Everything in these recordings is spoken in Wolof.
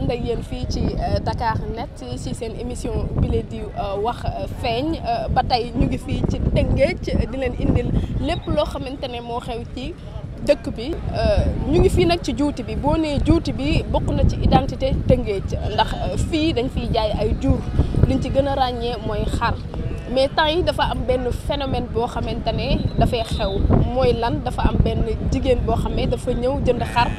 ànd ak yéen fii ci euh, Dakar Net ci seen émission bile di euh, wax euh, feeñ ba tey ñu ngi fii ci Tëngéej di leen indil lépp loo xamante ne moo xew ci dëkk bi ñu ngi fii nag ci juuti bi boo nee juuti bi bokk na ci identité Tëngéej ndax fii dañ fiy jaay ay juur liñ ci gën a ràññee mooy xar mais temps yi dafa am benn phénomène boo xamante ne dafay xew mooy lan dafa am benn jigéen boo xam ne dafa ñëw jënd xar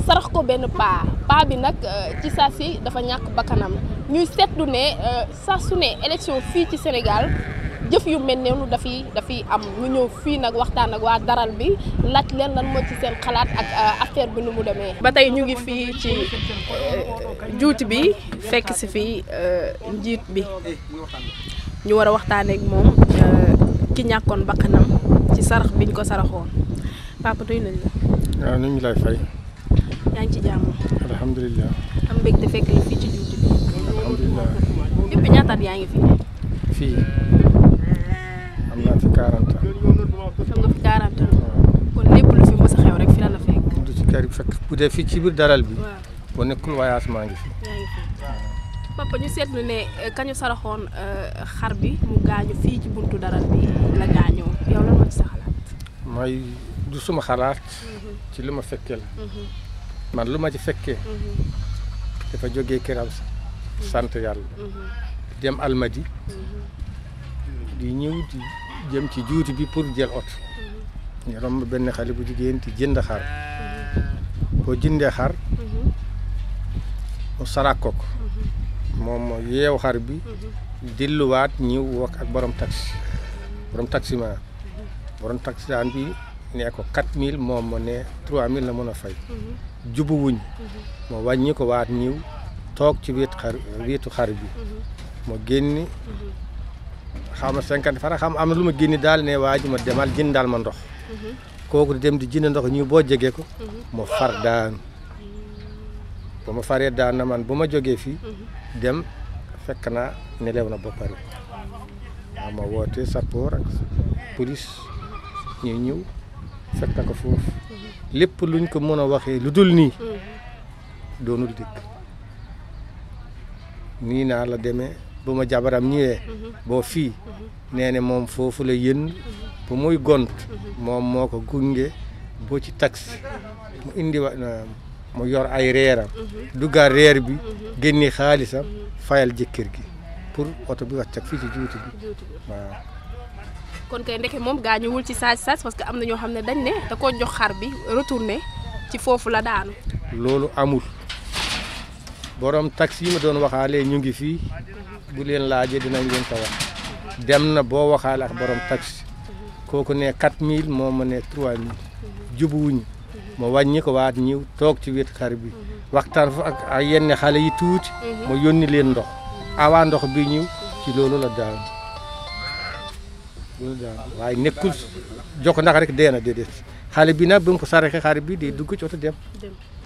sarax ko benn paa paa bi nag euh, ci saa si dafa ñàkk bakkanam ñuy seetlu ne euh, saa su ne élection fii ci Sénégal jëf yu mel noonu dafiy dafiy am ñu ñëw fii nag waxtaan ak waa daral bi laaj leen lan moo ci seen xalaat ak euh, affaire bi nu mu demee. ba tey ñu ngi fii ci juuti bi fekk si fii njiit bi ñu war a waxtaanee ak moom ki ñàkkoon bakkanam ci sarax biñ ko saraxoon papa doy nañ la. waaw ñu ngi lay fay. yaa ngi ci jàmm. fekk la fii ci juuti bi. alhamdulilah. ñaataat yaa ngi fi. fii am naa fi 40 kon lépp lu fi mos a xew rek fi la la fekk. ci kër fekk bu dee fii ci biir daral bi. waaw boo nekkul voyage maa ngi fi. papa ñu seetlu ne eh, kañu saraxoon eh, xar bi mu gaañu fii ci buntu daral bi la gaañoo yow lan moo ci xalaat. mooy du suma xalaat. Mm-hmm. ci li ma fekkee la. Mm-hmm. man lu ma ci fekkee mhm. dafa jógee këram mhm. sant yàlla mhm. dem almadi di ñëw di jëm ci juuti bi pour jël oto ñu romb benn xale bu jigéen di jënd xar boo jëndee xar mu sarak ko moom moo yeew xar bi delluwaat ñëw wax ak borom taxi borom taxi ma borom taxi daan bi nee ko 4000 moom mu ne 3000 la mën a fay. jubu wuñ. ma wàññi waat ñiw toog ci wéet xar wéetu xar bi. moo génni xaw ma 50 fara xam am na lu ma génni daal ne waa ji ma demal jënd daal ma ndox. kooku dem di jënd ndox ñiw boo jegee ko. moo far daan ba ma faree daan na man bu ma jógee fii. dem fekk naa nelew na ba pare. waaw ma woote police ñu ñëw. set ko foofu lépp luñ ko mën a waxee lu dul nii doonul dikk nii naa la demee bu ma jabaram ñëwee boo fii nee ne moom foofu la yën bu muy gont moom moo ko gunge boo ci taxi mu indi wa mu yor ay reeram duggaat reer bi génni xaalisam fayal jëkkër gi pour oto bi wàcc ak fii ci juuti bi waaw kon kay ndeke moom gaañuwul ci saaj saaj parce que am na ñoo xam ne dañ ne da koo jox xar bi retourné ci foofu la daanu. loolu amul borom taxi yi ma doon waxaale ñu ngi fii bu leen laajee dinañ leen ko dem na boo waxaale ak borom taxi kooku ne 4000 moo ma ne 3000 jubuwuñu ma wàññi ko waat ñëw toog ci wet xar bi waxtaan fa ak yenn xale yi tuuti mhm. ma yónni leen ndox awaa ndox bi ñëw ci loolu la daanu. waaye nekkul jox ko naka rek dee na déedéet xale bi nag bi mu ko saraxee xale bi di dugg ci oto dem.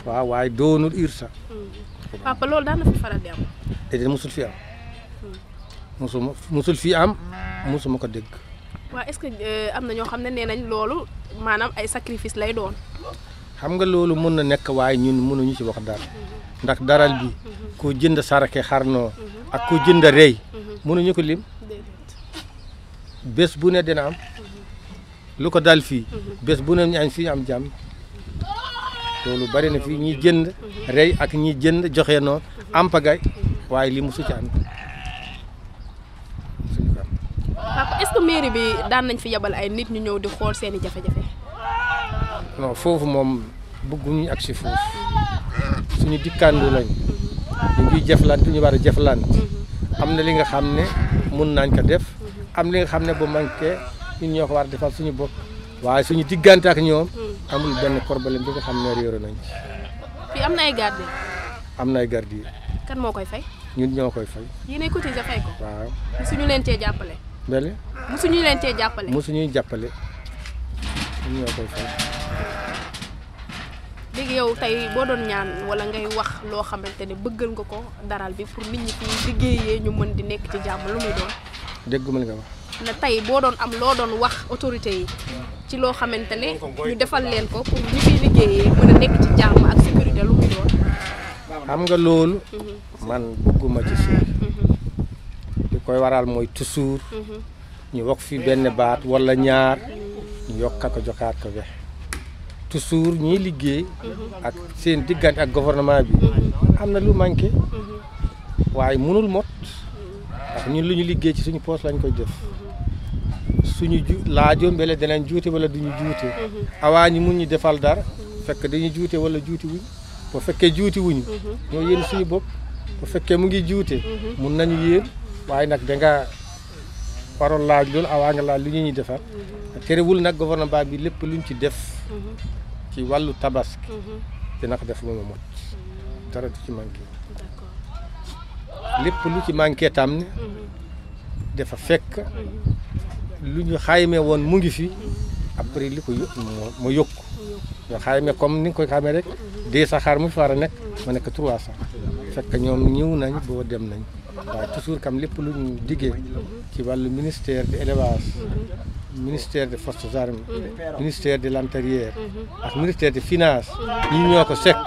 waaw waaye doonul ursa. Mm. papa loolu daan na fi faral di am. déedéet mosul fi am. mosuma mosul fi am mosuma ko dégg. waaw ce que euh, am na ñoo xam ne nee nañ loolu maanaam ay sacrifice lay doon. xam nga loolu mën na nekk waaye ñun mënuñu ci wax daal ndax daral bi koo jënd saraxe xarnoo ak koo jënd rey mm-hmm. mënuñu ko lim. bés bu ne dina am mhm. lu ko dal fii mhm. bés bu ne ñu añ fii am jàmm lu bari na fii ñiy jënd mhm. rey ak ñi jënd joxe noonu am waaye li mu ci am papa mairie bi daan nañ fi yabal ay nit ñu ñëw di xool seeni jafe-jafe foofu moom bëgguñu ak si foofu suñu dikkaandu lañ ñu ngi jëflante ñu war a jëflante am na li nga xam ne mun nañ ko def am li xam ne bu manqué ñun ñoo ko war defal suñu bopp waaye suñu diggante ak ñoom hmm. amul benn problème bi nga xam ne réeré nañ ci. fii am na ay gardiens. am na ay gardiens. kan moo koy fay. ñun ñoo koy fay. yéenay cotiser fay ko. waaw mosuñu leen cee jàppale. mbele. mosuñu leen cee jàppale. mosuñuy jàppale ñun ñoo tey boo doon ñaan wala ngay wax loo xamante ne bëggal nga ko daral bi pour nit ñi fi liggéeyee ñu mën di nekk ci jàmm lu muy doon. dégguma li nga wax. ne tey boo doon am loo doon wax autorité yi ci loo xamante ne ñu defal leen ko pour ñu fiy liggéeyee mën a nekk ci jàmm ak sécurité lu muy doon. xam nga loolu. Mhm. man bëgguma ci suuf. Mhm. koy waral mooy toujours. Mhm. ñu wokk fi benn baat wala ñaar ñu yokk ko jokaat ko be toujours ñuy liggéey. ak seen diggante ak gouvernement bi. am na lu manqué. waaye mënul mot. ndax ñun lu ñu liggéey ci suñu poos lañu koy def suñu ju laajoon mbele danañ juute wala duñu juute awaa ñi mu ñu defal dara fekk dañu juute wala juuti wuñ boo fekkee juuti wuñu ñoo yéen suñu bopp bu fekkee mu ngi juute mun nañu yéen waaye nag danga nga waroon laaj loolu awaa nga laaj lu ñu ñuy defar terewul nag gouvernement bi lépp luñ ci def ci wàllu tabaski mhm. dina ko def mooma mot dara du ci manqué lépp lu ci manqué tam ne dafa fekk lu ñu xayme woon mu ngi fi après li ko yóbbu mu yokku ñu xayme comme ni nga koy xamee rek deux cent mu fi war a nekk ma nekk trois cent fekk ñoom ñëw nañ boo dem nañ waaye toujours kam lépp lu ñu diggee ci wàllu ministère de l'élevage ministère des forces armées ministère de l'intérieur ak ministère des finances ñi ñoo ko sekk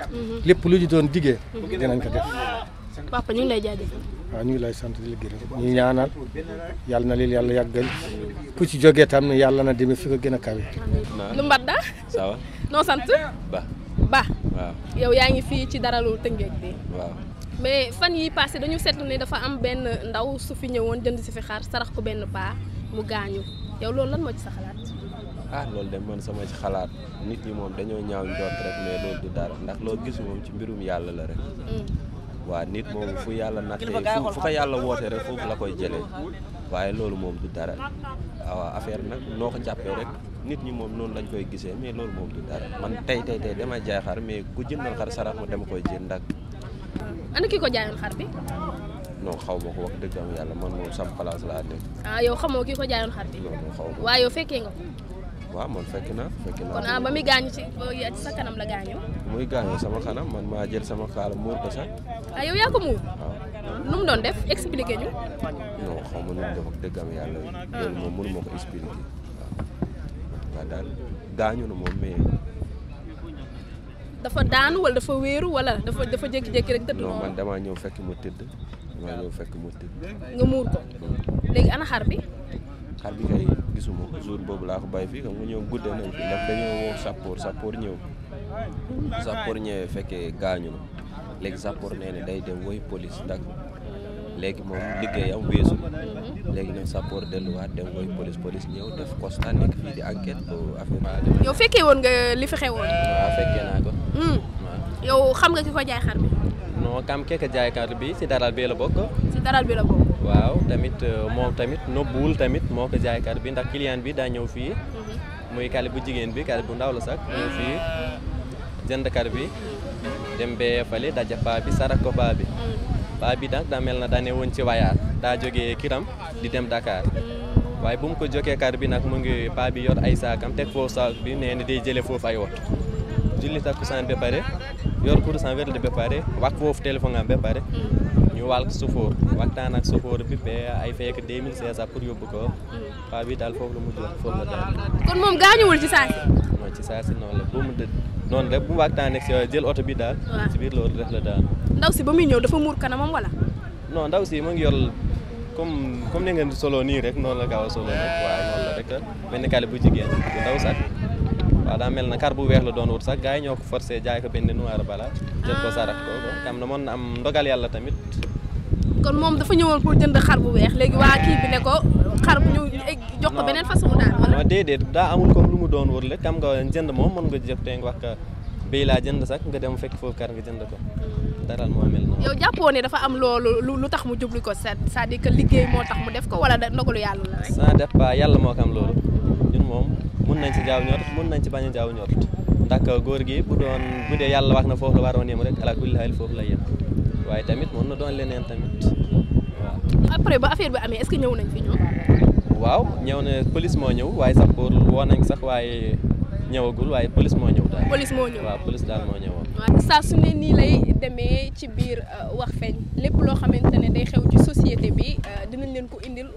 lépp lu ñu doon diggee dinañ ko def papa ñu ngi lay jaajëfal. waa ñu ngi lay sant di la gërëm ñu ñaanal yàlla na leen yàlla yàggal ku ci jógee tam yàlla na demee fi ko gën a kawe. lu mbat da ça noo sant. Ba Ba. waaw yaa ngi fii ci daralu Tëngéej bi. waaw mais fan yi passé dañu seetlu ne dafa am benn ndaw su fi ñëwoon jënd si fi xaar sarax ko benn paa mu gaañu yow loolu lan moo ci sa xalaat. ah loolu de man sama ci xalaat nit ñi moom dañoo ñaaw njort rek mais loolu du dara ndax loo gis moom ci mbirum yàlla la waa nit moom fu yàlla nattee fu ko yàlla woote rek foofu la koy jëlee waaye loolu moom du dara ah, waaw affaire nag noo ko jàppee rek nit ñi moom noonu lañ koy gisee mais loolu moom du dara man tey tey tey damay jaay xar mais ku jëndal xar sarax ma dama koy jënd ak. ana ki ko jaayoon xar bi. non xaw ma ko wax yàlla man moom sama place ah, yow xamoo ki ko jaayoon xar bi. non non fekkee nga ko. waaw man fekk naa fekk naa. kon ah ba muy gaañu ci sa kanam la gaañoo. muy gaañoo sama xanam man maa jël sama kaala muur ko sax. ah yow yaa ko muur. Ah. nu mu doon def expliqué ñu. non xaw ma nu mu def ak yàlla loolu moom mënu dafa daanu wala dafa wéeru wala dafa dafa jékki-jékki rek tëdd. non man damaa ñëw fekk mu tëdd damaa fekk mu tëdd. nga muur ko léegi ana bi. xar bi kay gisuma jour boobu laa ko bàyyi fii nga mu ñëw guddee nañ fi ndax dañoo sappoor sappoor ñëw. sapoor ñëwee fekkee gaañu léegi sapeur nee ne day dem woy police ndax léegi moom liggéeyam weesu léegi nag sapoor delluwaat dem woy police police ñëw def constat nekk fii di enquête bu affaire. yow fekkee woon nga li fi xewoon. waaw fekkee naa ko. Hmm. yow xam nga ki ko jaay xar bi. non kam keke jaay xar bi si daral bi la bokk. si daral bi la bokk. waaw tamit euh, moom tamit nëbbuwul tamit moo ko jaay xar bi ndax client bi daa ñëw fii. Mhm. muy xale bu jigéen bi kal bu ndaw la sax. fii. Ah. jëndkat bi dem bee fële daje paa bi sarak ko paa bi paa bi nag daa mel na daane woon ci wayaat daa jógee kiram di dem Dakar waaye bu mu ko jógee kar bi nag mu ngi paa bi yor ay saakam teg foofu saak bi nee na day jële foofu ay wot julli takkusaan ba pare yor kurusaan werde ba pare foofu téléphone am ba ñu wàll suufóor waxtaan ak suufóor bi ba ay fekk 2500 pour yóbbu ko paa bi daal foofu la mu jël foofu la daal. kon moom gaañuwul ci saa si. ci saa si noonu la bu mu dë noonu rek bu waxtaan ak euh, jël oto bi daal. ci biir loolu def la daal. ndaw si ba muy ñëw dafa muur kanamam wala. noo ndaw si mu ngi yor comme comme ni ngeen soloo nii rek noonu la gaaw a solo rek waaw noonu rek benn kàlla bu jigéen bu ndaw sax. waaw daa mel na kar bu weex la doon wut sax gaa yi ñoo ko forcé jaay ko benn noir bala jël ko sarax ko ah. xam na mën na am ndogal yàlla tamit kon moom dafa ñëwoon jënd xar bu weex léegi ko xar daa amul comme lu mu doon wër la xam nga jënd moom mën nga jëf tey nga wax ka béy laa jënd sax nga dem fekk foofu kar nga jënd ko dara moo mel noonu yow jàppoo ne dafa am loolu lu tax mu jublu ko c'est-à-dire liggéey moo tax mu def ko wala ndogalu yàlla la rek ça dépend yàlla moo ko am loolu ñun moom mun nañ si jaaw ñorut mun nañ si bañ a jaaw ñorut ndax góor gi bu doon bu dee yàlla wax na foofu la waroon yem rek ala kulli xel foofu la yem waaye tamit mun na doon leneen tamit waaw. après ba affaire bi amee est-ce que nañ fi ñoom. waaw ñëw na police moo ñëw waaye sax pour woo nañ sax waaye ñëwagul waaye police moo ñëw daal. police moo ñëw waaw police daal moo ñëwoon. waaw saa su ne nii lay demee ci biir euh, wax feeñ lépp loo xamante ne day xew ci société bi euh, dinañ leen ko indil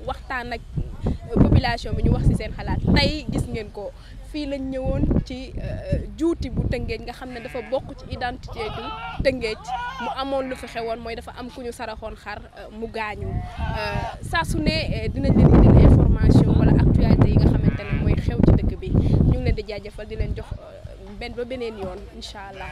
population bi ñu wax ci seen xalaat tey gis ngeen ko fii lañ ñëwoon ci euh, juuti bu tëngeej nga xam ne dafa bokk ci identité du tëngeej mu amoon lu fi xewoon mooy dafa am ku ñu saraxoon xar euh, mu gaañu euh, saa su ne dinañ leen indil information wala actualité yi nga xamante ne mooy xew ci dëkk bi ñu ngi leen di jaajëfal di leen jox benn ba beneen yoon incha allah.